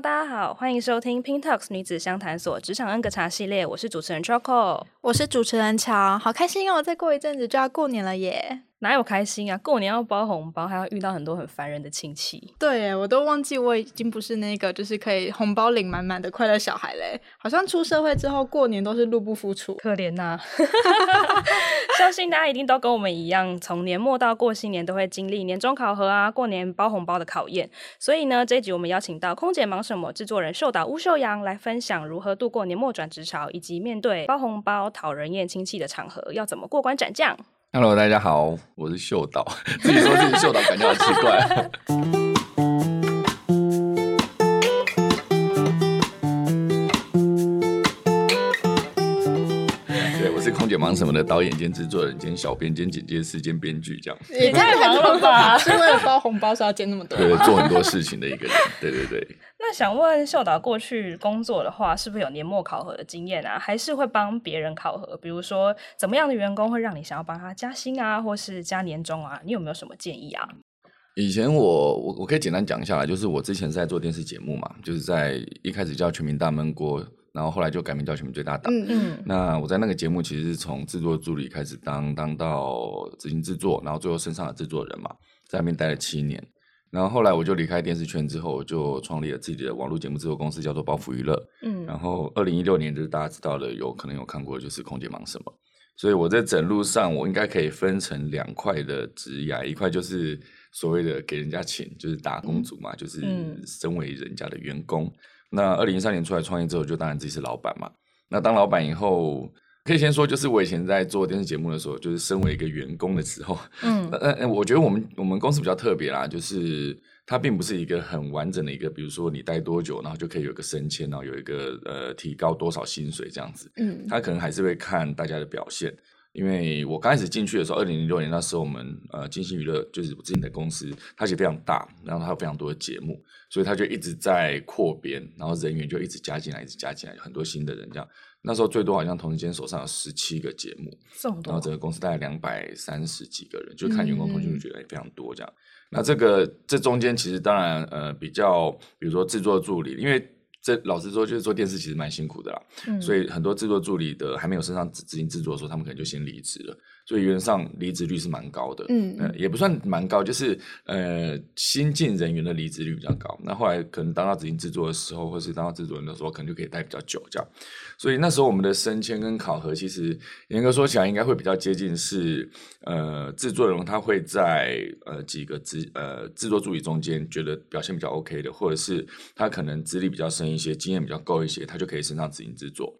大家好，歡迎收聽 Pink Talks 女子相談所職場 N 個碴系列，我是主持人 Choco，我是主持人喬，好開心、喔，哦，再過一陣子就要過年了耶。哪有開心啊？過年要包紅包，還要遇到很多很煩人的親戚。對，我都忘記我已經不是那個就是可以紅包領滿滿的快樂小孩嘞。好像出社會之後，過年都是入不敷出，可憐吶。相信大家一定都跟我們一樣，從年末到過新年都會經歷年終考核啊，過年包紅包的考驗。所以呢，這一集我們邀請到空姐忙什麼製作人秀導巫秀陽來分享如何度過年末轉職潮，以及面對包紅包討人厭親戚的場合要怎麼過關斬將。Hello，大家好，我是秀導，自己說自己秀導感覺好奇怪。 對，我是空姐忙什麼的導演兼製作人兼小編兼剪接師兼編劇這樣，也太忙了吧？是為了包紅包，所以要兼那麼多？ 對，做很多事情的一個人，對對對。那想問秀導過去工作的話，是不是有年末考核的經驗啊？還是會幫別人考核？比如說，怎麼樣的員工會讓你想要幫他加薪啊，或是加年終啊？你有沒有什麼建議啊？以前我我我可以簡單講一下，就是我之前是在做電視節目嘛，就是在一開始叫《全民大悶鍋》，然後後來就改名叫《全民最大黨》。嗯嗯。那我在那個節目其實是從製作助理開始當，當到執行製作，然後最後升上了製作人嘛，在那邊待了七年。然後後來我就離開電視圈之後，就創立了自己的網絡節目制作公司，叫做包袱娛樂。嗯、然後二零一六年就是大家知道的，有可能有看過，就是《空姐忙什麼》。所以我在整路上，我應該可以分成兩塊的職涯，一塊就是所謂的給人家請，就是打工族嘛，嗯、就是身為人家的員工。嗯、那二零一三年出來創業之後，就當然自己是老闆嘛。那當老闆以後，可以先說，就是我以前在做電視節目的時候，就是身為一個員工的時候，嗯、呃呃，我覺得我們我們公司比較特別啦，就是它並不是一個很完整的一個，比如說你待多久，然後就可以有一個升遷，然後有一個呃提高多少薪水這樣子，嗯，它可能還是會看大家的表現。因為我剛開始進去的時候，二零零六年那時候，我們呃金星娛樂就是我自己的公司，它是非常大，然後它有非常多的節目，所以它就一直在擴編，然後人員就一直加進來，一直加進來，有很多新的人這樣。那時候最多好像同時間手上有十七個節目，多然後整個公司大概兩百三十幾個人，就看員工統計就覺得也非常多這樣。嗯、那這個這中間其實當然呃比較，比如說制作助理，因為。這老實說，就是做電視其實蠻辛苦的啦，嗯、所以很多製作助理的還沒有升上執行製作的時候，他們可能就先離職了。所以原則上離職率是蠻高的，嗯、呃，也不算蠻高，就是呃新進人員的離職率比較高。那後來可能當到執行製作的時候，或是當到製作人的時候，可能就可以待比較久這樣。所以那時候我們的升遷跟考核，其實嚴格說起來，應該會比較接近是，呃，製作人他會在呃幾個執呃製作助理中間覺得表現比較 OK 的，或者是他可能資歷比較深一些，經驗比較夠一些，他就可以升上執行製作。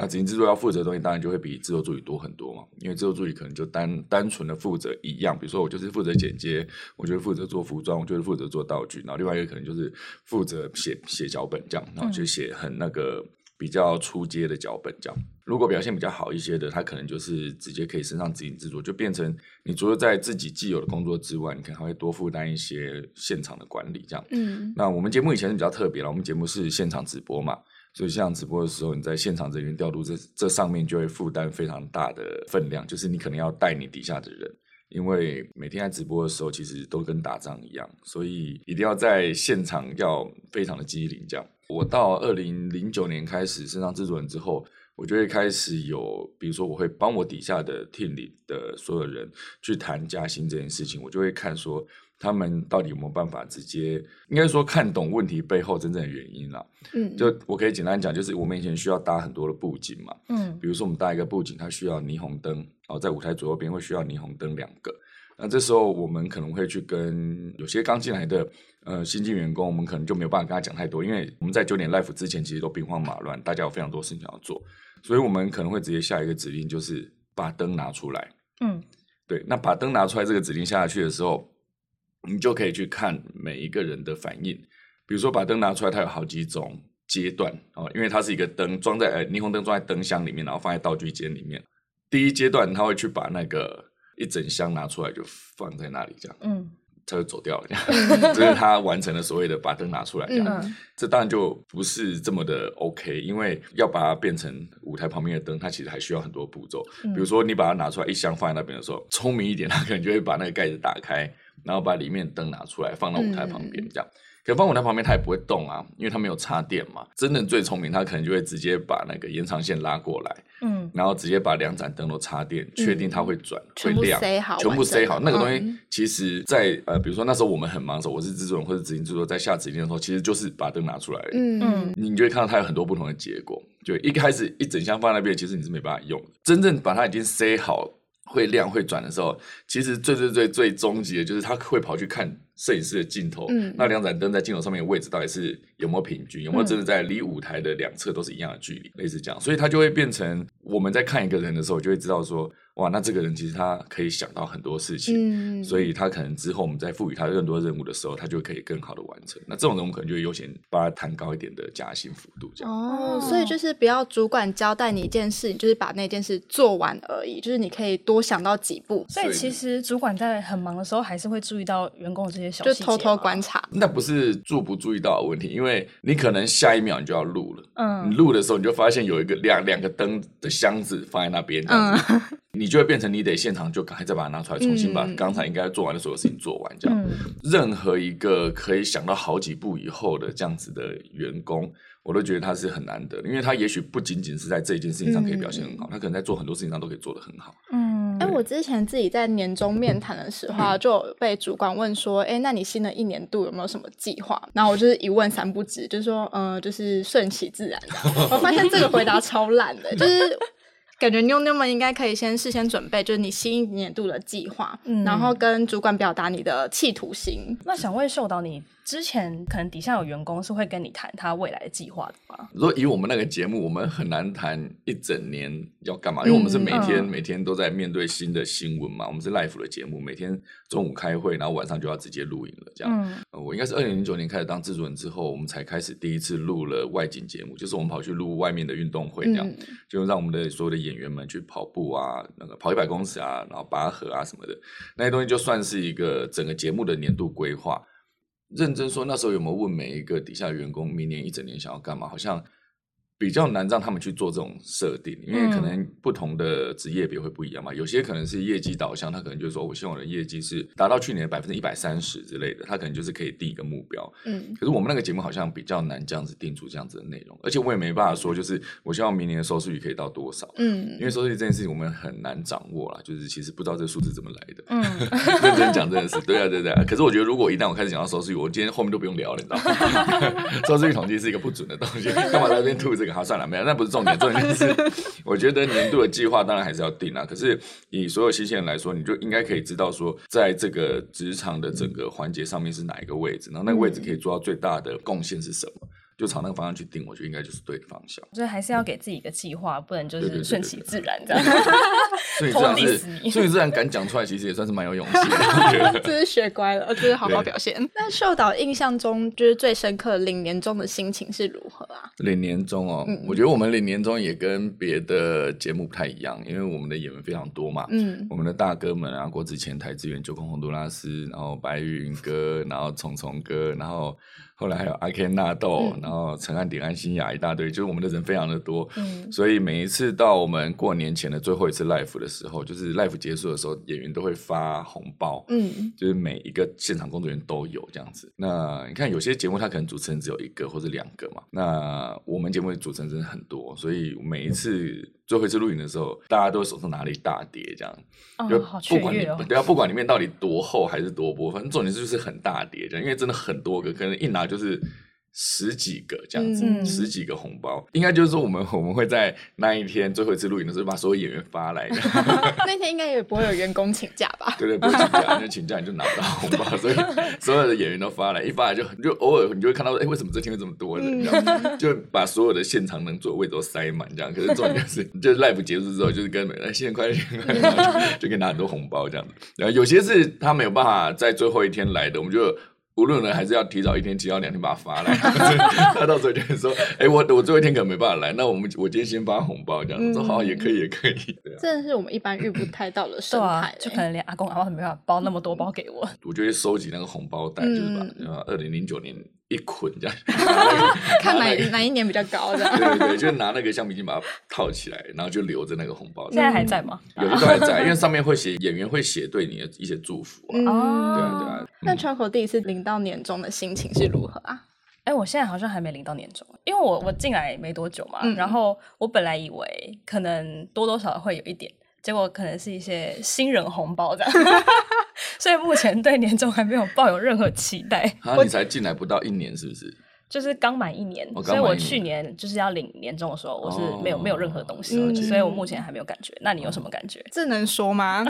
那執行製作要負責的東西當然就會比製作助理多很多嘛，因為製作助理可能就單單純的負責一樣，比如說我就是負責剪接，我就是負責做服裝，我就是負責做道具，然後另外一個可能就是負責寫寫腳本這樣，然後就寫很那個比較初階的腳本這樣。嗯、如果表現比較好一些的，他可能就是直接可以升上執行製作，就變成你除了在自己既有的工作之外，你可能還會多負擔一些現場的管理這樣。嗯，那我們節目以前是比較特別了，我們節目是現場直播嘛。就像直播的時候，你在現場人員這邊調度，這這上面就會負擔非常大的分量，就是你可能要帶你底下的人，因為每天在直播的時候，其實都跟打仗一樣，所以一定要在現場要非常的機靈。這樣，我到二零零九年開始升上制作人之後，我就會開始有，比如說我會幫我底下的 team 裡的所有人去談加薪這件事情，我就會看說他們到底有沒有辦法直接，應該說看懂問題背後真正的原因啦。嗯，就我可以簡單講，就是我們以前需要搭很多的布景嘛。嗯，比如說我們搭一個布景，它需要霓虹燈，然後、哦、在舞台左右邊會需要霓虹燈兩個。那這時候我們可能會去跟有些剛進來的，呃新進員工，我們可能就沒有辦法跟他講太多，因為我們在九點 live 之前其實都兵荒馬亂，大家有非常多事情要做。所以，我們可能會直接下一個指令，就是把燈拿出來。嗯，對。那把燈拿出來這個指令下下去的時候，你就可以去看每一個人的反應。比如說，把燈拿出來，它有好幾種階段哦，因為它是一個燈，裝在呃霓虹燈裝在燈箱裡面，然後放在道具間裡面。第一階段，他會去把那個一整箱拿出來，就放在那裡這樣。嗯。他就走掉了，這樣 這是他完成了所謂的把燈拿出來。這樣，嗯啊、這當然就不是這麼的 OK，因為要把它變成舞台旁邊的燈，它其實還需要很多步驟。嗯、比如說，你把它拿出來一箱放在那邊的時候，聰明一點，他可能就會把那個蓋子打開，然後把裡面的燈拿出來放到舞台旁邊這樣。嗯可放我那旁邊，它也不會動啊，因為它沒有插電嘛。真正最聰明，他可能就會直接把那個延長線拉過來，嗯，然後直接把兩盞燈都插電，確、嗯、定它會轉、嗯、會亮，全部塞好，好。全部塞好那個東西，其實在，在、嗯、呃，比如說那時候我們很忙的時候，我是製作人或者執行製作，在下指令的時候，其實就是把燈拿出來，嗯嗯，你就會看到它有很多不同的結果。就一開始一整箱放在那邊，其實你是沒辦法用的。真正把它已經塞好會亮會轉的時候，其實最最最最終極的就是，他會跑去看。攝影師的鏡頭，嗯，那兩盞燈在鏡頭上面的位置，到底是有沒有平均，嗯，有沒有真的在離舞台的兩側都是一樣的距離？類似這樣，所以它就會變成我們在看一個人的時候，就會知道說，哇，那這個人其實他可以想到很多事情，嗯、所以他可能之後我們在賦予他更多任務的時候，他就可以更好的完成。那這種人我們可能就會優先幫他談高一點的加薪幅度哦，對所以就是不要主管交代你一件事，就是把那件事做完而已，就是你可以多想到幾步。所以，所以其實主管在很忙的時候，還是會注意到員工的這些小事情，就偷偷觀察。那不是注不注意到的問題，因為你可能下一秒你就要錄了，嗯，你錄的時候你就發現有一個兩兩個燈的箱子放在那邊，嗯，你。 就會變成你得現場就趕快再把它拿出來，重新把剛才應該做完的所有事情、嗯、做完這樣。嗯、任何一個可以想到好幾步以後的這樣子的員工，我都覺得他是很難得的，因為他也許不僅僅是在這件事情上可以表現很好，嗯、他可能在做很多事情上都可以做得很好。嗯，哎對、欸，我之前自己在年終面談的時候、啊、就有被主管問說：“哎、嗯欸，那你新的一年度有沒有什麼計劃？”然後我就是一問三不知，就說：“嗯，呃，就是順其自然。 我發現這個回答超爛的，就是。 感覺妞妞們應該可以先事先準備，就是你新一年度的計劃，嗯，然後跟主管表達你的企圖心。那想問秀導你，之前可能底下有員工是會跟你談他未來的計劃的嘛？如果以我們那個節目，我們很難談一整年要幹嘛，嗯、因為我們是每天、嗯、每天都在面對新的新聞嘛。我們是 live 的節目，每天中午開會，然後晚上就要直接錄影了。這樣，嗯呃、我應該是二零零九年開始當制作人之後，我們才開始第一次錄了外景節目，就是我們跑去錄外面的運動會，這樣、嗯、就讓我們的所有的演員們去跑步啊，那個跑一百公尺啊，然後拔河啊什麼的那些東西，就算是一個整個節目的年度規劃。認真說，那時候有沒有問每一個底下員工，明年一整年想要幹嘛？好像。比較難讓他們去做這種設定，因為可能不同的職業別會不一樣嘛。嗯、有些可能是業績導向，他可能就是說、哦、我希望我的業績是達到去年的百分之一百三十之類的，他可能就是可以定一個目標。嗯。可是我們那個節目好像比較難這樣子定出這樣子的內容，而且我也沒辦法說，就是我希望明年的收視率可以到多少。嗯。因為收視率這件事情我們很難掌握啦，就是其實不知道這個數字怎麼來的。嗯。認 真講，真的是。對啊，對啊。對啊 可是我覺得，如果一旦我開始講到收視率，我今天後面都不用聊了，你知道嗎？ 收視率統計是一個不準的東西，幹 嘛在那邊吐這個？好，算了，沒有，那不是重點，重點是，我覺得年度的計劃當然還是要定啦， 可是以所有新鮮人來說，你就應該可以知道說，在這個職場的整個環節上面是哪一個位置，然後那個位置可以做到最大的貢獻是什麼。 就朝那個方向去定，我覺得應該就是對的方向。所以還是要給自己一個計劃，嗯、不能就是順其自然這樣。所以這樣子，所以自然敢講出來，其實也算是蠻有勇氣的。真 是學乖了，真、就是好好表現。對那秀導印象中，就是最深刻的領年終的心情是如何啊？領年終哦，嗯、我覺得我們領年終也跟別的節目不太一樣，因為我們的演員非常多嘛。嗯，我們的大哥們啊，郭子乾、邰智源、九孔、洪都拉斯，然後白雲哥，然後蟲蟲哥，然後。後來還有阿 Ken 納豆，嗯、然後陳漢典、安心亞一大堆，就是我們的人非常的多，嗯、所以每一次到我們過年前的最後一次 live 的時候，就是 live 結束的時候，演員都會發紅包，嗯，就是每一個現場工作人員都有，這樣子。那你看有些節目它可能主持人只有一個或者兩個嘛，那我們節目主持人真的很多，所以每一次最後一次錄影的時候，大家都會手上拿了一大疊這樣，嗯、就不管你，哦好哦、對啊，不管裡面到底多厚還是多薄，反正重點就是很大疊，因為真的很多個，可能一拿。就是十幾個這樣子，嗯、十幾個紅包，應該就是說我們我們會在那一天最後一次錄影的時候把所有演員發來。 那天應該也不會有員工請假吧？ 對對，對，不會請假，因為 請假你就拿不到紅包，對所以所有的演員都發來，一發來就就偶爾你就會看到說，哎、欸，為什麼這天會這麼多人這樣，嗯。然後就把所有的現場能座位都塞滿，這樣。可是重點，就是，就是 live 結束之後，就是跟哎，新年快樂，新年快樂，就可以拿很多紅包這樣子。然後有些是他沒有辦法在最後一天來的，我們就。無論呢還是要提早一天、提早兩天把它發來， 他到時候就會說：“哎、欸，我我最後一天可能沒辦法來，那我們我今天先發紅包這樣。嗯”子說：“好、哦，也可以，也可以這樣。”真的是我們一般遇不太到的生態、 啊，就可能連阿公阿婆都沒辦法包那麼多包給我。我就會收集那個紅包袋，就是把二零零九年。一捆這樣，來 看哪來哪一年比較高這樣？的對，對對，就拿那個橡皮筋把它套起來，然後就留着那個紅包。現在還在嗎？嗯嗯、有的還在，哦、因為上面會寫演員會寫對你的一些祝福、啊。哦對、啊，對啊對啊。嗯、那窗口第一次領到年終的心情是如何啊？哎，我現在好像還沒領到年終，因為我我進來沒多久嘛，嗯、然後我本來以為可能多多少少會有一點，結果可能是一些新人紅包這樣。 所以目前對年終還沒有抱有任何期待。你才進來不到一年是不是？就是剛滿一年。哦、一年，所以我去年就是要領年終的時候，我是沒有哦哦哦，沒有任何東西，嗯、所以我目前還沒有感覺。那你有什麼感覺？這能說嗎？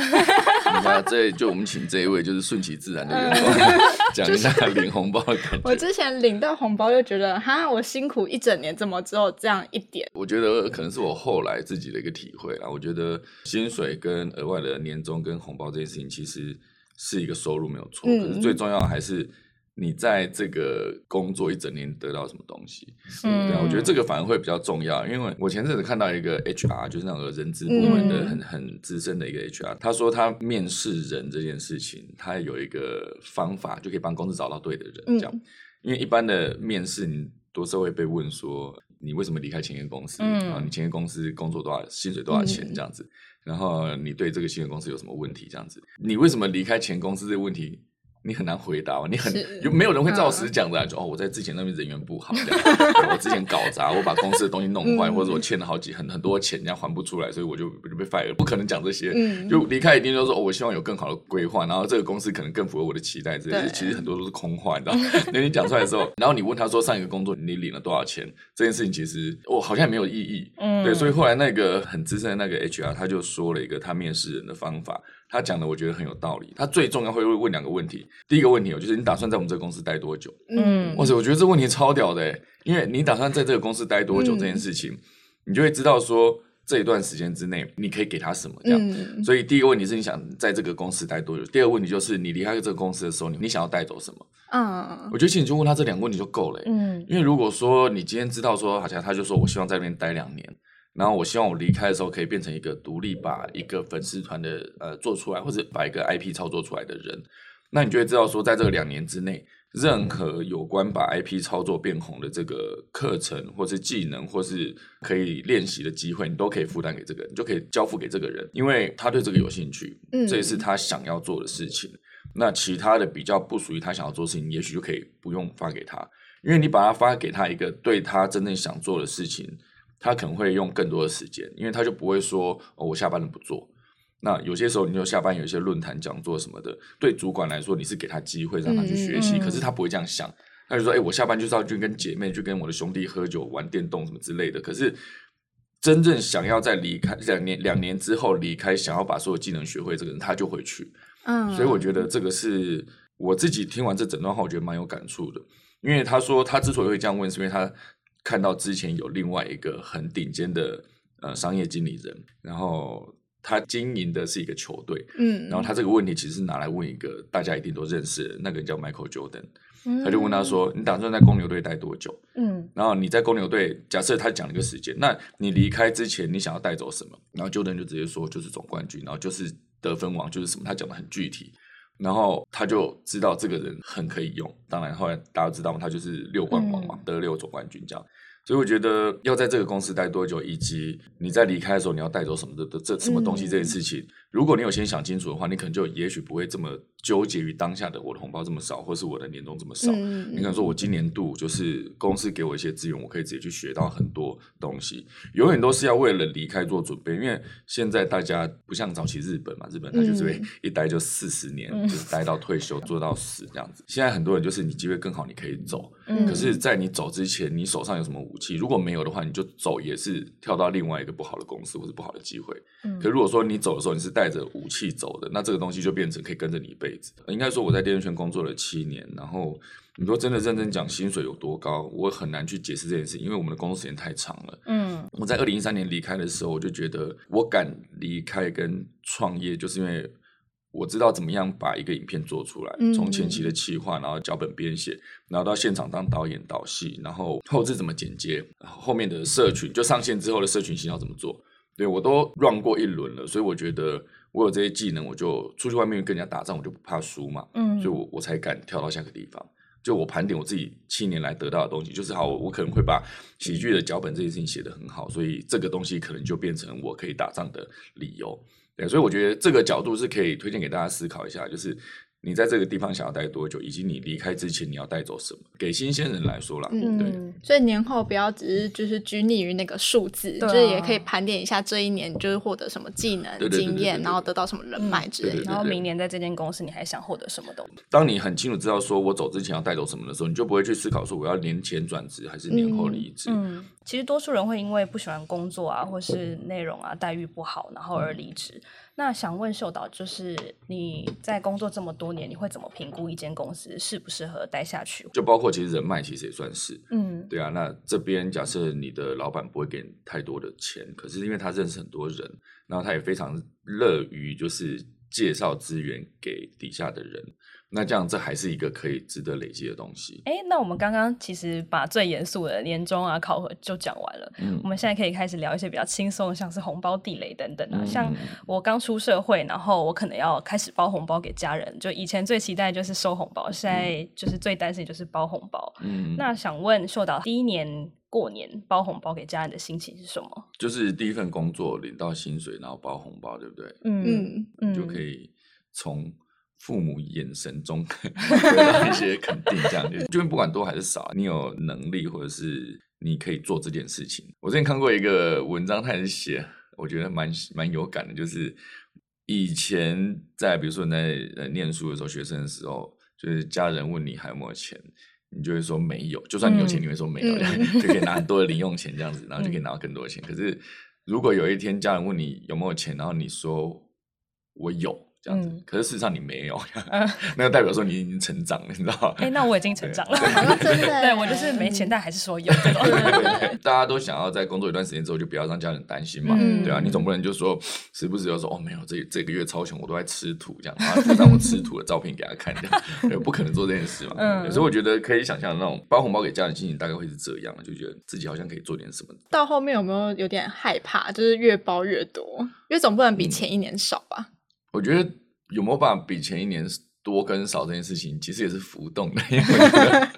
那 這就我們請這一位就是順其自然的人講、嗯、一下領紅包的感覺。我之前領到紅包又覺得哈，我辛苦一整年，怎麼只有這樣一點？我覺得可能是我後來自己的一個體會啊，我覺得薪水跟額外的年終跟紅包這件事情其實。是一個收入沒有錯，嗯、可是最重要的還是你在這個工作一整年得到什麼東西。對，我覺得這個反而會比較重要，因為我前陣子看到一個 HR，就是那種人資部門的很、嗯、很資深的一個 HR，他說他面試人這件事情，他有一個方法就可以幫公司找到對的人，這樣。嗯、因為一般的面試，你多少會被問說你為什麼離開前一個公司啊？嗯、你前一個公司工作多少薪水多少錢、嗯、這樣子。然後你對這個新的公司有什麼問題？這樣子，你為什麼離開前公司？這個問題。你很難回答，你很是有沒有人會照實講的？啊，嗯、就哦，我在之前那邊人緣不好，這樣 我之前搞砸，我把公司的東西弄壞，嗯、或者我欠了好幾很很多錢，人家還不出來，所以我就就被 fire 了，不可能講這些。嗯、就離開一定就是說，哦，我希望有更好的規劃，然後這個公司可能更符合我的期待之類的。對其實很多都是空話，你知道嗎？那 你講出來的時候，然後你問他說上一個工作你領了多少錢，這件事情其實我、哦、好像也沒有意義。嗯、對，所以後來那個很資深的那個 HR 他就說了一個他面試人的方法。他講的我覺得很有道理，他最重要會問兩個問題。第一個問題哦，就是你打算在我們這個公司待多久？嗯，哇塞，我覺得這問題超屌的，因為你打算在這個公司待多久這件事情，嗯、你就會知道說，這一段時間之內你可以給他什麼這樣。嗯、所以第一個問題是你想在這個公司待多久？第二個問題就是你離開這個公司的時候，你想要帶走什麼？嗯嗯、啊、我覺得其實你就問他這兩個問題就夠了。嗯，因為如果說你今天知道說，好像他就說我希望在那邊待兩年。然後我希望我離開的時候可以變成一個獨立把一個粉絲團的呃做出來，或者把一個 IP 操作出來的人。那你就會知道說，在這兩年之內，任何有關把 IP 操作變紅的這個課程，或是技能，或是可以練習的機會，你都可以負擔給這個，你就可以交付給這個人，因為他對這個有興趣，嗯，這也是他想要做的事情。那其他的比較不屬於他想要做的事情，也許就可以不用發給他，因為你把他發給他一個對他真正想做的事情。他可能會用更多的時間，因為他就不會說、哦、我下班了不做。那有些時候，你有下班有一些論壇講座什麼的，對主管來說，你是給他機會讓他去學習，嗯、可是他不會這樣想。嗯、他就說：“誒、欸，我下班就是要去跟姐妹去跟我的兄弟喝酒、玩電動什麼之類的。”可是真正想要在離開兩年兩年之後離開，想要把所有技能學會，這個人他就回去。嗯，所以我覺得這個是我自己聽完這整段話，我覺得蠻有感觸的，因為他說他之所以會這樣問，是因為他。看到之前有另外一個很頂尖的呃商業經理人，然後他經營的是一個球隊，嗯，然後他這個問題其實是拿來問一個大家一定都認識的，那個人叫 Michael Jordan，他就問他說：“嗯、你打算在公牛隊待多久？”嗯，然後你在公牛隊，假設他講了一個時間，那你離開之前你想要帶走什麼？然後 Jordan 就直接說：“就是總冠軍，然後就是得分王，就是什麼？”他講的很具體。然後他就知道這個人很可以用，當然後來大家知道嗎？他就是六冠王嘛，嗯、得了六總冠軍這樣。所以我覺得要在這個公司待多久，以及你在離開的時候你要帶走什麼的這什麼東西這些事情。嗯如果你有先想清楚的話，你可能就也許不會這麼糾結於當下的我的紅包這麼少，或是我的年終這麼少。嗯、你可能說，我今年度就是公司給我一些資源，我可以直接去學到很多東西。永遠都是要為了離開做準備，因為現在大家不像早期日本嘛，日本他就是一待就四十年，嗯、就是待到退休做到死這樣子。嗯、現在很多人就是你機會更好，你可以走。嗯、可是，在你走之前，你手上有什麼武器？如果沒有的話，你就走也是跳到另外一個不好的公司或者不好的機會。嗯、可如果說你走的時候，你是帶帶着武器走的，那這個東西就變成可以跟着你一輩子。應該說我在電影圈工作了七年，然後你說真的認真講薪水有多高，我很難去解釋這件事，因為我們的工作時間太長了。嗯，我在二零一三年離開的時候，我就覺得我敢離開跟創業，就是因為我知道怎麼樣把一個影片做出來，從、嗯嗯、前期的企劃，然後腳本編寫，然後到現場當導演導戲，然後後制怎麼剪接，後面的社群就上線之後的社群行銷要怎麼做。對，我都 run 過一輪了，所以我覺得我有這些技能，我就出去外面跟人家打仗，我就不怕輸嘛。所以、嗯、我我才敢跳到下個地方。就我盤點我自己七年來得到的東西，就是好，我可能會把喜劇的腳本這些事情寫得很好，所以這個東西可能就變成我可以打仗的理由。對，所以我覺得這個角度是可以推薦給大家思考一下，就是。你在這個地方想要待多久，以及你離開之前你要帶走什麼？給新鮮人來說啦，嗯，對，所以年後不要只是就是拘泥於那個數字，啊、就是也可以盤點一下這一年你就是獲得什麼技能，對對對對對經驗，然後得到什麼人脈之類。嗯、對對對對，然後明年在這間公司你還想獲得什麼東西？你東西當你很清楚知道說我走之前要帶走什麼的時候，你就不會去思考說我要年前轉職還是年後離職嗯。嗯，其實多數人會因為不喜歡工作啊，或是內容啊，待遇不好，然後而離職。嗯那想問秀導，就是你在工作這麼多年，你會怎麼評估一間公司適不適合待下去？就包括其實人脈，其實也算是，嗯，對啊。那這邊假設你的老闆不會給你太多的錢，可是因為他認識很多人，然後他也非常樂於就是介紹資源給底下的人。那這樣，這還是一個可以值得累積的東西。哎、欸，那我們剛剛其實把最嚴肅的年終啊考核就講完了，嗯，我們現在可以開始聊一些比較輕鬆的，像是紅包地雷等等啊。嗯、像我剛出社會，然後我可能要開始包紅包給家人。就以前最期待的就是收紅包，現在就是最擔心就是包紅包。嗯，那想問秀導，第一年過年包紅包給家人的心情是什麼？就是第一份工作領到薪水，然後包紅包，對不對？嗯嗯，嗯就可以從。父母眼神中 得到一些肯定，這樣，就，就不管多還是少，你有能力或者是你可以做這件事情。我之前看過一個文章，他寫，我覺得蠻蠻有感的，就是以前在比如說你在呃念書的時候，學生的時候，就是家人問你還有沒有錢，你就會說沒有，就算你有錢，你會說沒有，嗯，就可以拿很多的零用錢這樣子，然後就可以拿到更多的錢。嗯、可是如果有一天家人問你有沒有錢，然後你說我有。這樣子，可是事實上你沒有，那個代表說你已經成長了，你知道嗎？哎，那我已經成長了，對，我就是沒錢，但還是說有。大家都想要在工作一段時間之後，就不要讓家人擔心嘛，對啊，你總不能就說時不時就說哦，沒有，這這個月超窮，我都在吃土這樣，讓我吃土的照片給他看，不可能做這件事嘛。所以我覺得可以想象那種包紅包給家人心情大概會是這樣，就覺得自己好像可以做點什麼。到後面有沒有有點害怕，就是越包越多，因為總不能比前一年少吧？我覺得有沒有辦法比前一年多跟少這件事情，其實也是浮動的。因為就是、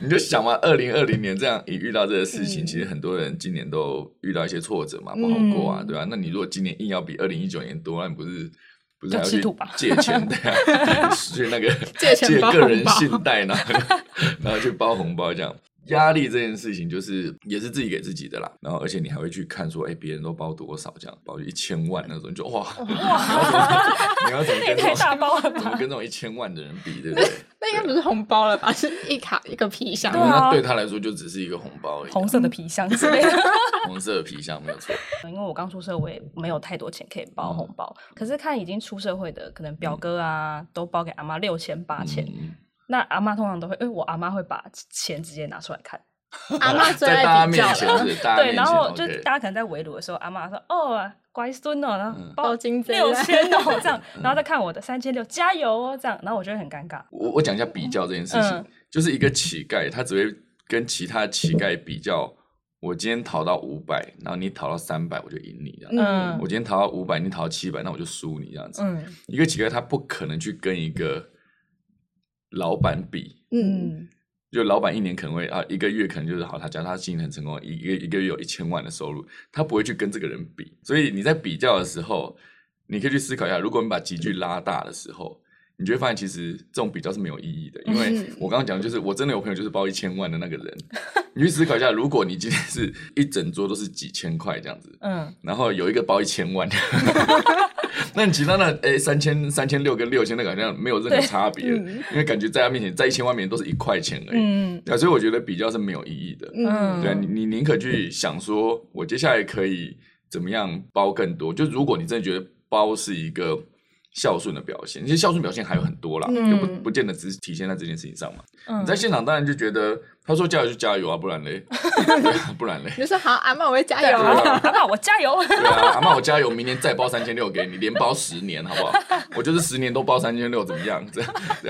你就想嘛，二零二零年這樣一遇到這個事情，嗯、其實很多人今年都遇到一些挫折嘛，嗯、不好過啊，對吧、啊那你如果今年硬要比二零一九年多，那你不是不是還要去借錢對、 啊？去那個借個人信貸，然 然後去包紅包這樣。壓力這件事情就是也是自己給自己的啦，然後而且你還會去看說，哎、欸，別人都包多少這樣，包一千萬那種，你就哇，你要怎麼跟太大包了、啊、怎麼跟這種一千萬的人比，對不對？那，那應該不是紅包了吧？是 一卡一個皮箱。嗯、對啊、那對他來說就只是一個紅包而已。紅色的皮箱之類的。 紅色的皮箱沒有錯。因為我剛出社會，沒有太多錢可以包紅包。嗯、可是看已經出社會的，可能表哥啊都包給阿媽六千八千。6, 8, 那阿媽通常都會，欸、我阿媽會把錢直接拿出來看，阿媽坐在大家面前，對，然後就大家可能在圍爐的時候，阿媽說：“嗯、哦，乖孫哦，然後包金六千哦，這樣，然後再看我的三千六，加油哦，這樣。”然後我覺得很尷尬。我我講一下比較這件事情，嗯、就是一個乞丐，他只會跟其他乞丐比較。 我今天討到五百，然後你討到三百，我就贏你這樣子，嗯，我今天討到五百，你討到七百，那我就輸你這樣子。一個乞丐他不可能去跟一個。老板比，嗯，就老板一年可能會啊，一個月可能就是好他，他講他經營很成功，一個一個月有一千萬的收入，他不會去跟這個人比，所以你在比較的時候，你可以去思考一下，如果你把差距拉大的時候。嗯你就會發現，其實這種比較是沒有意義的，因為我剛剛講的就是，我真的有朋友就是包一千萬的那個人。 你去思考一下，如果你今天是一整桌都是幾千塊這樣子，嗯、然後有一個包一千萬， 那你其他那誒三千、三千六跟六千，那個好像沒有任何差別，對因為感覺在他面前，在一千萬面前都是一塊錢而已。嗯啊，所以我覺得比較是沒有意義的。嗯、對、啊，你你寧可去想說，我接下來可以怎麼樣包更多？就如果你真的覺得包是一個。孝順的表現，其實孝順表現還有很多啦，嗯、就不不見得只是體現在這件事情上嘛。嗯、你在現場當然就覺得。他說加油就加油啊，不然嘞？不然嘞？你說好，阿嬤我會加油啊，那我加油。阿嬤我加油，明年再包三千六給你，連包十年，好不好？我就是十年都包三千六，怎麼樣？這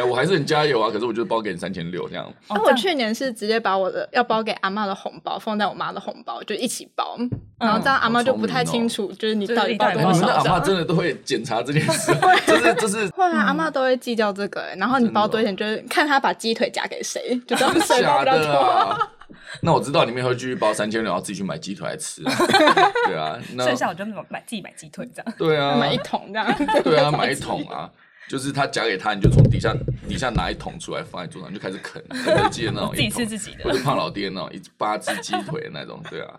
樣，我還是很加油啊。可是我就是包給你三千六這樣。那我去年是直接把我的要包給阿嬤的紅包放在我媽的紅包，就一起包，然後這樣阿嬤就不太清楚，就是你到底包多少。的阿嬤真的都會檢查這件事，就是就是。會啊，阿嬤都會計較這個，然後你包多一點，就是看他把雞腿夾給誰，就當的。 啊，那我知道你們會繼續包三千六，然後自己去買雞腿來吃。對 啊，那剩下我就買自己買雞腿這樣。對 啊，買一桶這樣。對啊，買一桶啊！ 就是他夾給他，你就從底下底下拿一桶出來放在桌上，就開始啃肯德基的那種一桶。 自己吃自己的，或者胖老爹那種一八隻雞腿的那種。 對啊，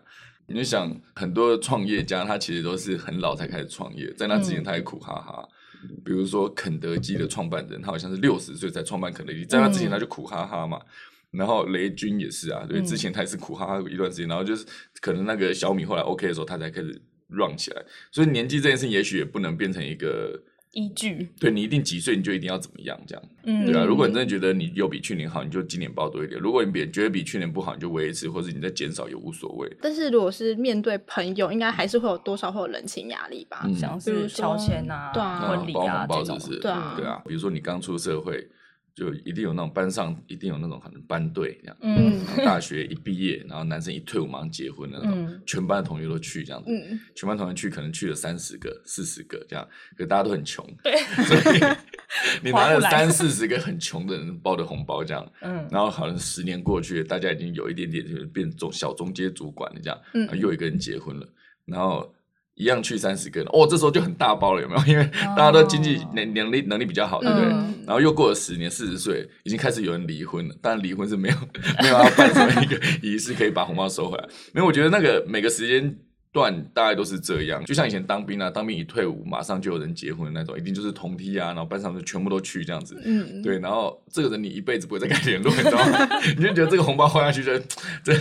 你就想很多創業家，他其實都是很老才開始創業，在那之前他也苦哈哈。嗯。比如說肯德基的創辦人，他好像是六十歲才創辦肯德基，在那之前他就苦哈哈嘛。嗯然後雷軍也是啊，因為之前他也是苦哈哈一段時間，嗯、然後就是可能那個小米後來 OK 的時候，他才開始 run 起來。所以年紀這件事情，也許也不能變成一個依據。對你一定幾歲，你就一定要怎麼樣這樣？嗯，對啊。如果你真的覺得你又比去年好，你就今年包多一點；如果你別覺得比去年不好，你就維持，或者你再減少也無所謂。但是如果是面對朋友，應該還是會有多少會有人情壓力吧？像是交錢啊，對啊，婚禮啊，包紅包是不是，啊，對啊。對啊比如說你剛出社會。就一定有那種班上，一定有那種可能班隊這樣。嗯，然後大學一畢業，然後男生一退伍，馬上結婚的那種，嗯、全班的同學都去這樣子。嗯全班同學去，可能去了三十個、四十個這樣，可大家都很窮。對，所以 你拿了三四十個很窮的人包的紅包這樣。嗯，然後好像十年過去，大家已經有一點點就是變中小中階主管了這樣。嗯，然後又一個人結婚了，然後。一樣去三十個人。哦，這時候就很大包了，有沒有？因為大家都經濟能能力、oh. 能力比較好，對不對？Mm. 然後又過了十年，四十歲已經開始有人離婚了，但離婚是沒有 沒有要辦什麼一個儀式 可以把紅包收回來，沒有，我覺得那個每個時間段大概都是這樣，就像以前當兵啊，當兵一退伍馬上就有人結婚的那種，一定就是同梯啊，然後班上就全部都去這樣子。嗯，對，然後這個人你一輩子不會再跟他聯絡，你知道嗎？你就覺得這個紅包花下去就，就就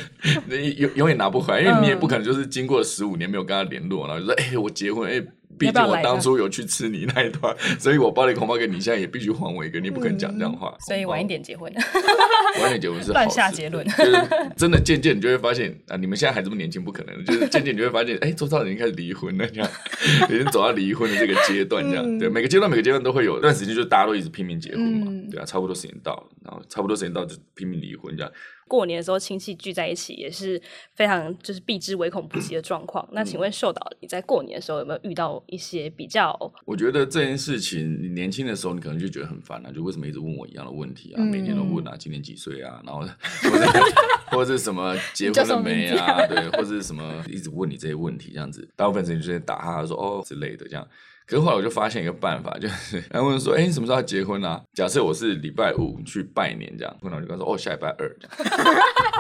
你永永遠拿不回來，因為你也不可能就是經過了十五年沒有跟他聯絡，然後就說哎、嗯欸、我結婚哎。欸畢竟我當初有去吃你那一段，要不要來一段 所以我包了一個紅包給你，現在也必須還我一個，嗯、你不肯講這樣話，所以晚一點結婚， 晚一點結婚是好事亂下結論， 就是真的漸漸你就會發現啊，你們現在還這麼年輕，不可能，就是漸漸就會發現，哎、欸，周遭人開始離婚了，這樣已經 走到離婚的這個階段，這樣、嗯、對，每個階段每個階段都會有，但段時間就大家都一直拼命結婚嘛，嗯、對啊，差不多時間到了。然後差不多時間到就拼命離婚，這樣，過年的時候親戚聚在一起也是非常就是避之唯恐不及的狀況。嗯、那請問秀導，你在過年的時候有沒有遇到一些比較？我覺得這件事情，你年輕的時候你可能就覺得很煩了，啊，就為什麼一直問我一樣的問題啊？嗯、每年都問啊，今年幾歲啊？然後 或者是或者是什麼結婚了沒啊？對，或者是什麼一直問你這些問題這樣子，大部分時間就在打哈哈說哦之類的這樣。可是後來我就發現一個辦法，就是他問說：“哎、欸，你什麼時候要結婚啊？”假設我是禮拜五去拜年，這樣，然後我就說：“哦，下禮拜二這樣。”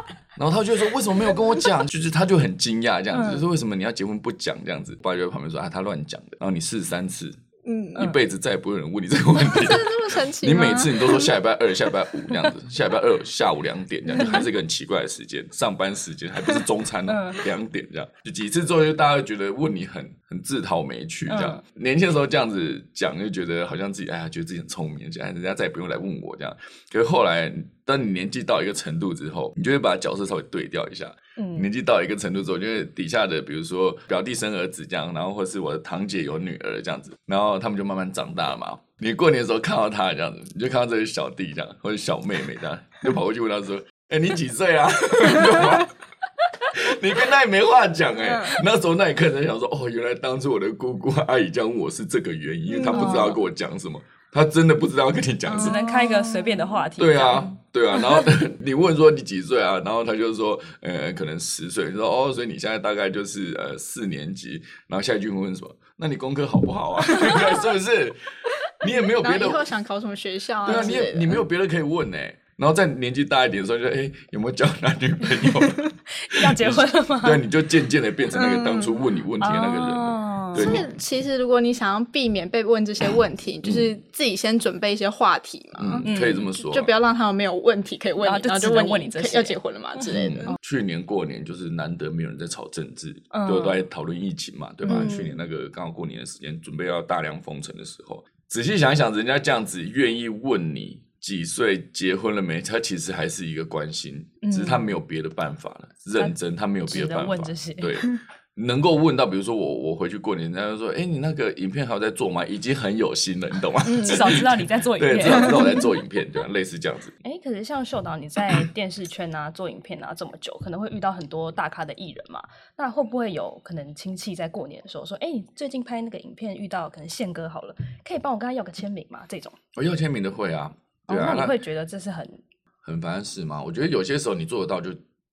然後他就說：“為什麼沒有跟我講？”就是他就很驚訝這樣子，嗯、就是為什麼你要結婚不講這樣子？我爸就在旁邊說：“啊，他亂講的。”然後你試三次嗯，嗯，一輩子再也不會有人問你這個問題。真的這麼神奇？你每次你都說下禮拜二、下禮拜五這樣子，下禮拜二下午兩點這樣，就還是一個很奇怪的時間，上班時間還不是中餐呢、啊，兩、嗯、點這樣。就幾次之後，就大家會覺得問你很。自討沒趣，這樣、嗯、年輕的時候這樣子講，就覺得好像自己哎呀，覺得自己很聰明，這樣，人家再也不用來問我這樣。可是後來，當你年紀到一個程度之後，你就會把角色稍微對調一下。嗯，年紀到一個程度之後，因為底下的比如說表弟生兒子這樣，然後或是我的堂姐有女兒這樣子，然後他們就慢慢長大嘛。你過年的時候看到他這樣子，你就看到這些小弟這樣，或者小妹妹這樣，就跑過去問他說：“哎、 欸，你幾歲啊？” 你跟他也沒話講哎、欸，那時候那一刻可能想說哦，原來當初我的姑姑阿姨這樣問我是這個原因，因為他不知道要跟我講什麼，他真的不知道要跟你講什麼。只、嗯、能開一個隨便的話題。對啊，對啊，然後 你問說你幾歲啊？然後他就說呃，可能十歲。說哦，所以你現在大概就是呃四年級。然後下一句會問，問什麼？那你功課好不好啊？ 是不是？你也沒有別的，然後以後想考什麼學校，啊？對啊，你也你沒有別的可以問哎、欸。然後在年紀大一點的時候，就說哎，有沒有交男女朋友？要結婚了嗎？對，你就漸漸的變成那個當初問你問題的那個人。所以其實如果你想要避免被問這些問題，就是自己先準備一些話題嘛。嗯，可以這麼說。就不要讓他們沒有問題可以問，然後就就問你這些要結婚了嗎之類的。去年過年就是難得沒有人在吵政治，都都在討論疫情嘛，對吧？去年那個剛好過年的時間，準備要大量封城的時候。仔細想一想，人家這樣子願意問你，幾歲結婚了沒？他其實還是一個關心，嗯、只是他沒有別的辦法了。認真，他沒有別的辦法。問這些對，能夠問到，比如說我我回去過年，人家說，哎、欸，你那個影片還有在做嗎？已經很有心了，你懂嗎？至、嗯、少知道你在做影片，對，至少, 少知道我在做影片，對啊類似這樣子。哎、欸，可是像秀導你在電視圈啊 做影片啊這麼久，可能會遇到很多大咖的藝人嘛？那會不會有可能親戚在過年的時候說，哎、欸，你最近拍那個影片遇到可能憲哥好了，可以幫我跟他要個簽名嗎？這種我要簽名的會啊。對啊哦、那你會覺得這是很很煩事嗎？我覺得有些時候你做得到就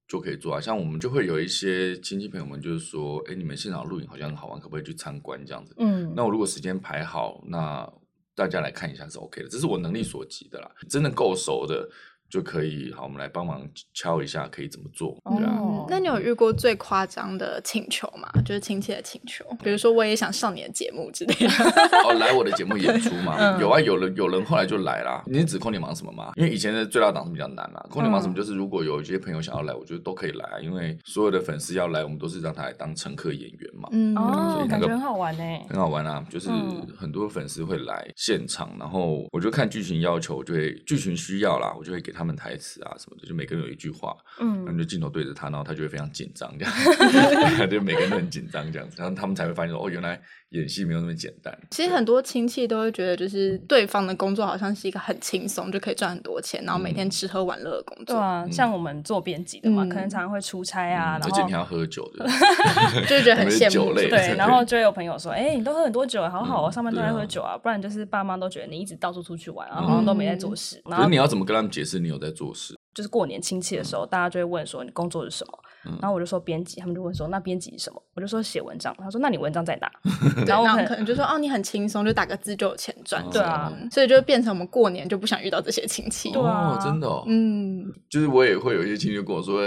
就可以做啊。像我們就會有一些親戚朋友們，就是說，哎，你們現場錄影好像很好玩，可不可以去參觀這樣子？嗯，那我如果時間排好，那大家來看一下是 OK 的，這是我能力所及的啦，真的夠熟的。就可以。好，我們來幫忙敲一下，可以怎麼做？哦、oh. 啊，嗯，那你有遇過最誇張的請求嗎？就是親戚的請求，嗯、比如說我也想上你的節目之類的。 哦，來我的節目演出嗎？Okay. 有啊，有人有人後來就來啦，你是指空姐忙什麼嗎？因為以前的最大檔是比較難啦。空姐忙什麼？就是如果有一些朋友想要來，嗯、我覺得都可以來，因為所有的粉絲要來，我們都是讓他來當乘客演員嘛。嗯，吧 oh, 所以那個很好玩哎、欸，很好玩啊，就是很多粉絲會來現場，嗯、然後我就看劇情要求，我就會，劇情需要啦，我就會給他。他們台詞啊什麼的，就每個人有一句話，嗯，然後就鏡頭對着他，然後他就會非常緊張，這樣，就 每個人都很緊張這樣子，然後他們才會發現說，哦，原來。演戲沒有那麼簡單。其實很多親戚都會覺得，就是對方的工作好像是一個很輕鬆，就可以賺很多錢，然後每天吃喝玩樂的工作。嗯、對啊，像我們做編輯的嘛，嗯、可能常常會出差啊，嗯嗯、然後最近要喝酒的， 就覺得很羨慕。 對，然後就有朋友說：“哎、欸，你都喝很多酒，好好哦，嗯、上班都在喝酒啊，不然就是爸媽都覺得你一直到處出去玩，然後好像都沒在做事。嗯”那後你要怎麼跟他們解釋你有在做事？就是過年親戚的時候，嗯、大家就會問說，你工作是什麼？嗯、然後我就說編輯，他們就問說，那編輯是什麼？我就說寫文章，他說，那你文章在哪？ 然後我可能，我們可能就說，哦你很輕鬆，就打個字就有錢賺。哦、對啊，所以就變成我們過年就不想遇到這些親戚。對啊、哦，嗯、真的、哦，嗯，就是我也會有一些親戚跟我說。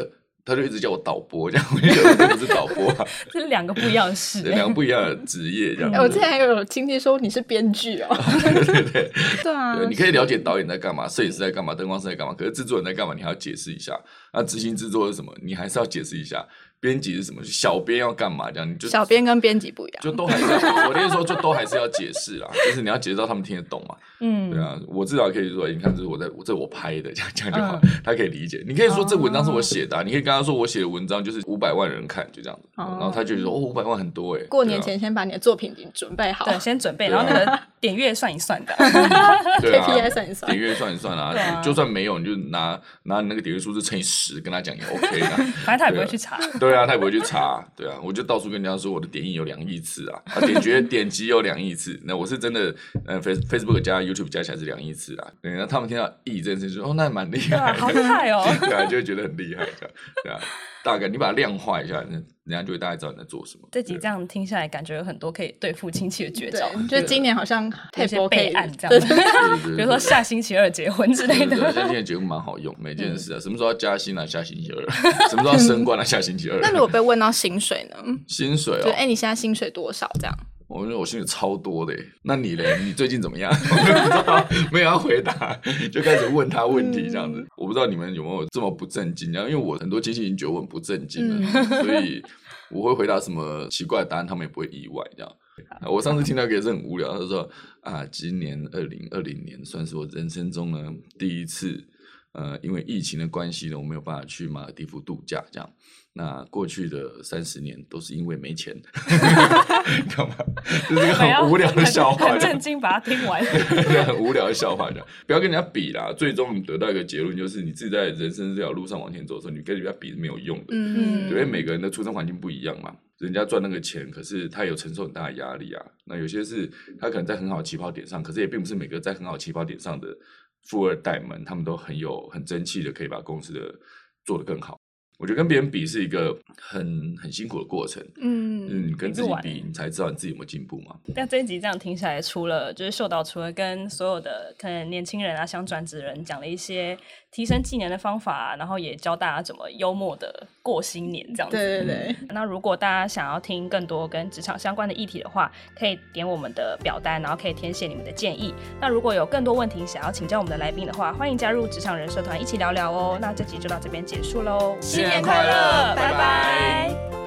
他就一直叫我導播，這樣，我 不是導播、啊， 這是兩個不一樣的事，兩 個不一樣的職業，這樣。嗯、對 我之前還有親戚說你是編劇哦， 對對對，對啊，對，以你可以了解導演在幹嘛，攝影師在幹嘛，燈光師在幹嘛，可是製作人在幹嘛，你還要解釋一下。那執行製作是什麼？你還是要解釋一下。編輯是什麼？小編要幹嘛？這樣你就小編跟編輯不一樣，就都還是我那個時候，就都還是要解釋啦。就是你要解釋到他們聽得懂嘛。嗯，對啊，我至少可以說，你看，這是我在我這我拍的，這樣這樣就好，他可以理解。你可以說這文章是我寫的，你可以跟他說我寫的文章就是五百萬人看，就這樣子。然後他就說哦，五百萬很多哎。過年前先把你的作品已經準備好，對，先準備，然後那個點閱算一算的，對啊，KPI 算一算，點閱算一算啊，就算沒有，你就拿拿你那個點閱數字乘以十。跟他講也 OK 啦， 反正他也不會去查。對啊，他也不、， 啊、不會去查。對啊，我就到處跟人家說我的點擊有兩億次啊， 啊點覺點擊有兩億次。那我是真的，嗯、呃、Face Facebook 加 YouTube 加起來是兩億次啊、嗯。然後他們聽到億這件事情，說，哦，那蠻厲害的對、啊，好厲害哦、喔， 對、啊，就會覺得很厲害這樣，對啊。大概你把它量化一下，那人家就會大概知道你在做什麼。這集這樣聽下來，感覺有很多可以對付親戚的絕招。就是今年好像有些備案這樣，比如說下星期二結婚之類的。下星期二結婚蠻好用，每件事啊，什麼時候要加薪啊？下星期二，什麼時候要升官啊？下星期二。那如果被問到薪水呢？薪水哦，哎，你現在薪水多少？這樣。我覺得我心裡超多的。欸，那你嘞？你最近怎麼樣？ 沒有要回答，就開始問他問題這樣子。嗯、我不知道你們有沒有這麼不正經，然後，因為我很多親戚已經覺得我很不正經了，嗯、所以我會回答什麼奇怪的答案，他們也不會意外這樣。嗯、 我上次聽到也是很無聊，他、就是、說啊，今年二零二零年算是我人生中呢第一次，呃，因為疫情的關係呢，我沒有辦法去馬爾地夫度假這樣。那過去的三十年都是因為沒錢， 你知道嗎？這是一個很無聊的笑話，很震驚，把它聽完。對，很無聊的笑話。不要跟人家比啦。 最終你得到一個結論，就是你自己在人生這條路上往前走的時候，你跟人家比是沒有用的。嗯，嗯。因為每個人的出生環境不一樣嘛，人家賺那個錢，可是他有承受很大的壓力啊。那有些是他可能在很好的起跑點上，可是也並不是每個在很好的起跑點上的富二代們，他們都很有很爭氣的，可以把公司的做得更好。我覺得跟別人比是一個很很辛苦的過程，嗯嗯，跟自己比，你才知道你自己有沒有進步嘛。但這一集這樣聽起來，除了就是秀導，除了跟所有的可能年輕人啊，想轉職人講了一些提升技能的方法、啊，然後也教大家怎麼幽默的過新年這樣子。子對對，對、嗯。那如果大家想要聽更多跟職場相關的議題的話，可以點我們的表單，然後可以填寫你們的建議。那如果有更多問題想要請教我們的來賓的話，歡迎加入職場人社團一起聊聊哦。嗯、那這集就到這邊結束嘍。嗯新年快樂，新年快樂，拜拜。拜拜拜拜。